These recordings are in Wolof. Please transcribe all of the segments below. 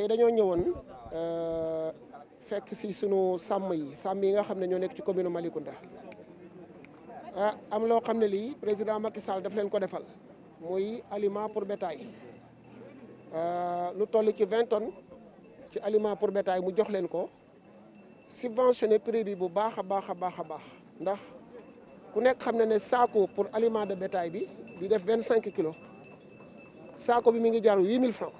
tay dañu ñëwoon euh fekk ci suñu sàmm yi sàmm yi nga xamne ñoo nekk ci commune Malikunda ah, am lo xamne li président Macky Sall daf leen ko defal moy aliment pour bétail euh lu toll ci 20 tonnes ci aliment pour bétail mu jox leen ko subventionné prix bi bu baaxa baaxa baaxa baax ndax ku nekk xamne na ne saako pour aliment de bétail bi di def 25 kg saako bi mi ngi jar 8000 francs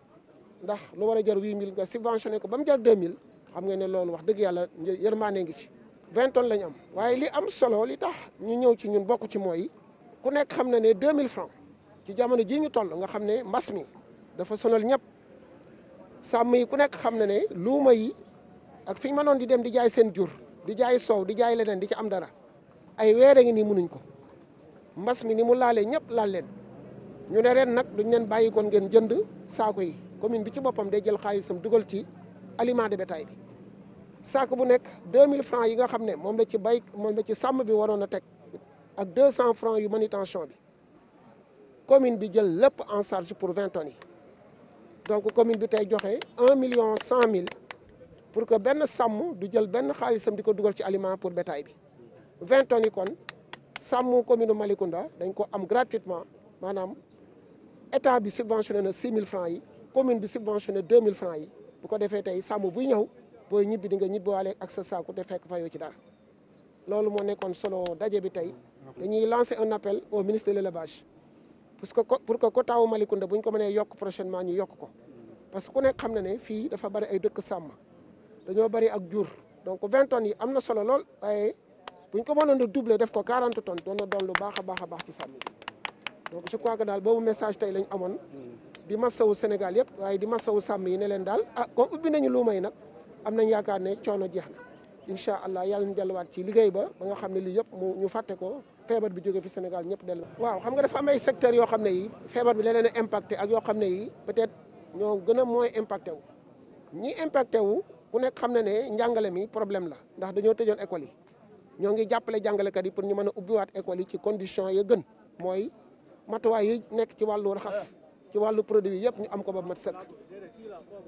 ndax lu war a jar huit mille nga subventionné ko ba mu jar mille xam nga ne loolu wax dëgg yàlla yërmaande ngi ci vingt tonnes lañu am waaye li am solo li tax ñu ñëw ci ñun bokk ci mooy ku nekk xam na ne deux mille francs ci jamono jii ñu toll nga xam ne mbas dafa sonal ñëpp sàmm ku nekk xam na ne luuma yi ak fi ñu noon di dem di jaay seen jur di jaay soow di jaay leneen di ci am dara ay weer a ngi nii mënuñ ko mbas mi ni mu laalee ñëpp laal leen ñu ne ren nag duñ leen bàyyi koon ngeen jënd saako yi commune bi ci bopam day jël xaalisam duggal ci aliment de bétail bi saako bu nek 2000 francs yi nga xamné mom la ci bay mom la ci sàmm bi waroon a ak 200 francs yu manutention bi commune bi jël lepp en charge pour 20 tonnes donc commune bi tay joxé 1 million 100 000 pour que ben sàmm du jël ben xaalisam diko duggal ci aliment pour bétail bi 20 tonnes kon sàmm commune malikunda dañ ko am gratuitement manam état bi subventionné na 6 000 francs yi commune bi subventionné 2000 francs yi bu ko defee tey sàmm buy ñëw booy ñibbi di nga ñibbiwaale ak sa saaku te fekk fa yoo ci dara loolu mo nekkoon solo dajé bi tay dañuy lancer un appel au ministre de l'élevage parce que pour que quota wu Malicounda bu ko mënee yok prochainement ñu yok ko parce que ku nekk xam na né fi dafa bari ay dëkk sàmm dañoo bari ak jur donc 20 tonnes yi am solo lool waaye buñ ko mënoon a doubler def ko 40 tonnes doon na doon lu baax a baax a baax ci sàmm donc je crois que daal boobu message tay lañ amone di masawu Sénégal yëpp waaye di masawu sàmm yi ne leen daal ah comme ubbi nañu luuma yi nag am nañ yaakaar ne coono jeex na incha allah yàlla ñu delluwaat ci liggéey ba ba nga xam ne lii yëpp mu ñu fàtte ko feebar bi jóge fi Sénégal ñëpp dellu waaw xam nga dafa am ay secteurs yoo xam ne yi feebar bi la leen ak yoo xam ne peut-être ñoo gën a mooy impacté wu ñi impacté wu ku nekk xam ne ne njàngale mi problème la ndax dañoo tëjoon école yi ñoo ngi jàppale jàngalekat yi pour ñu mën a ubbiwaat école yi ci condition ya gën mooy matuwaay yi nekk ci wàllu raxas ci wàllu produit yépp ñu am ko ba mat sëkk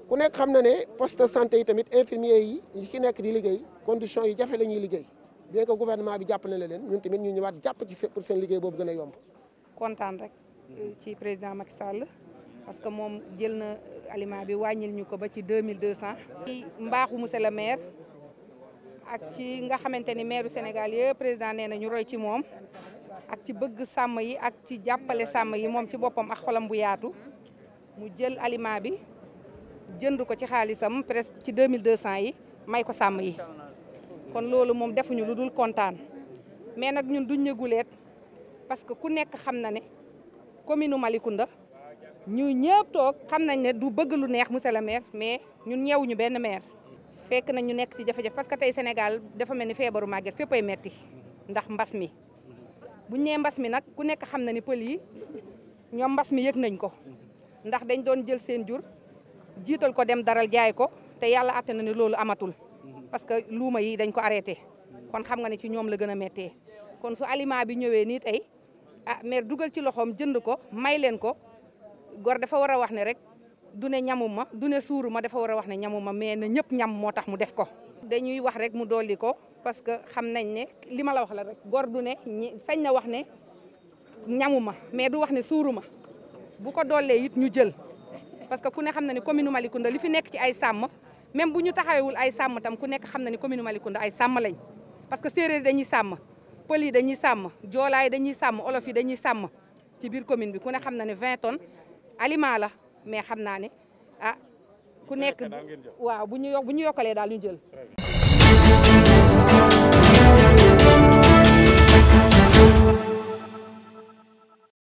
ku nekk xam na ne poste de santé yi tamit infirmier yi ñi ci nekk di liggéey condition yi jafe la ñuy liggéey bien que gouvernement bi jàpp na la leen ñun tamit ñu ñëwaat jàpp ci pour seen liggéey boobu gën a yomb. kontaan rek ci président Macky Sall parce que moom jël na aliment bi wàññil ñu ko ba ci 2200 ci mbaaxu monsieur le maire ak ci nga xamante ni maire du Sénégal yëpp président nee na ñu roy ci moom. ak ci bëgg sàmm yi ak ci jàppale sàmm yi moom ci boppam ak xolam bu yaatu mu jël aliment bi jënd ko ci xaalisam presque ci 2200 yi may ko sàmm yi kon loolu moom defuñu lu dul kontaan mais nag ñun duñ ñëguleet parce que ku nekk xam na ne commune Malicounda ñu ñëpp toog xam nañ ne du bëgg lu neex mu le maire mais ñun ñeewuñu benn maire fekk na ñu nekk ci jafe-jafe parce que tey Sénégal dafa mel ni feebaru màgget fépp ay metti ndax mbas mi buñ nee mbas mi nag ku nekk xam na ni pël yi ñoom mbas mi yëg nañ ko ndax dañ doon jël seen jur jiital ko dem daral jaay ko te yàlla àtte na ne loolu amatul parce que luuma yi dañ ko arrêté kon xam nga ne ci ñoom la gën a méttee kon su aliment bi ñëwee nii tey ah maire dugal ci loxoom jënd ko may leen ko gor dafa war a wax ne rek du ne ñamuma du ne suuru ma dafa war a wax ne ñamuma mais ne ñëpp ñam moo tax mu def ko. dañuy wax rek mu dolli ko parce que xam nañ ne li ma la wax la rek gor du ne sañ na wax ne ñamuma mais du wax ne suuru ma bu ko doolee it ñu jël parce que ku ne xam na ne commune Malicounda li fi nekk ci ay sàmm même bu ñu taxawewul ay sàmm ku nekk xam na commune Malicounda ay sàmm lañ parce que séeréer dañuy sàmm pël yi dañuy sàmm joolaay dañuy sàmm olof yi dañuy sàmm ci biir commune bi ku ne xam na ne 20 tonnes aliment la. mais xam naa ne ah ku nekk waaw bu ñu bu ñu yokkalee daal ñu jël